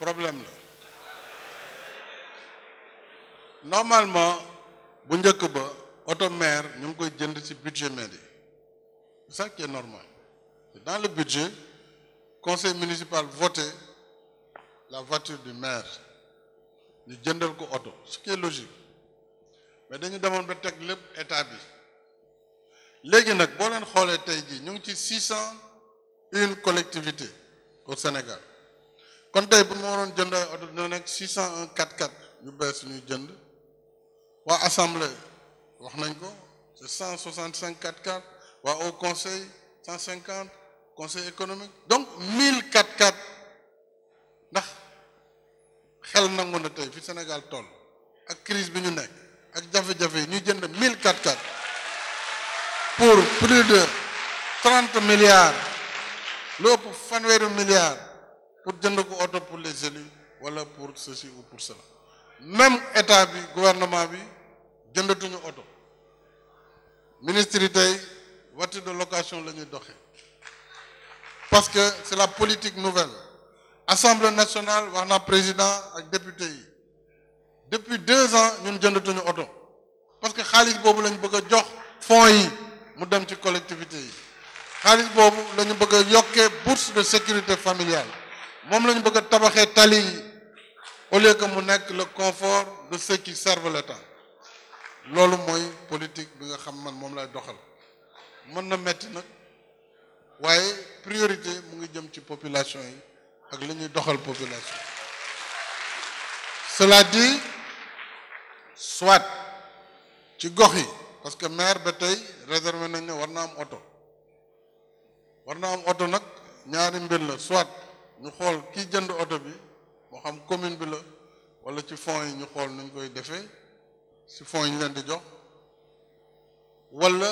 problème là normalement si ba maire on a un budget mairie. c'est ça qui est normal dans le budget le conseil municipal voté la voiture du maire ñu jëndal ko auto. ce qui est logique mais dañu demoon ba de lépp état bi léegi nag une collectivité au Sénégal kon tey bu ñu waroon jënd 601 yu jënd assemblée wax nañ ko c'est 165 44 au conseil 150 conseil économique donc 1000 44 ndax xel nangu na tey fi Sénégal toll ak crise bi ñu nekk ak Javé, nous ñu jënd 1000 44 pour plus de 30 milliards lu pour fanweeri milliards pour pour les élus wala pour ceci ou pour cela même état le gouvernement bi jëndatuñu fait ministre tay Le ministère de location la doxé parce que c'est la politique nouvelle assemblée nationale a un président ak député depuis deux ans ñun jëndatuñu auto parce que nous bobu lañu bëgg jox fonds yi mu dem ci collectivité yi Bobo bobu lañu bëgg a bourse de sécurité familiale moom lañu bëgg tabaxee tali yi au lieu que mu nekk la confort de ceux qui servent loolu mooy politique bi nga xam man moom lay doxal mën na metti nag waaye priorité mu ngi jëm ci population yi ak li ñuy doxal population cela dit soit ci gox yi parce que maire ba tey réservé nañ ne war na am oto war na am oto nag ñaari mbir la soit ñu xool kii jënd oto bi moo xam commune bi la wala ci fonds yi ñu xool nuñ koy defee si fonds yi ñu leen di jox wala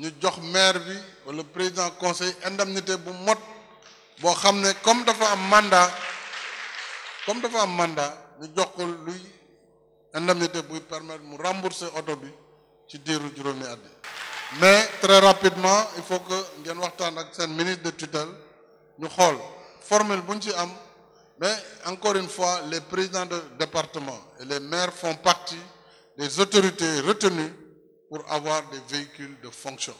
ñu jox maire bi wala président conseil indemnité bu mot boo xam ne comme dafa am mandat comme dafa am mandat ñu jox ko luy indemnité buy permettre mu rembourser oto bi ci diiru juróomi at mais très rapidement il faut que ngeen waxtaan ak seen ministre de tutelle ñu xool formule am mais encore une fois les présidents de département et les maires font partie des autorités retenues pour avoir des véhicules de fonction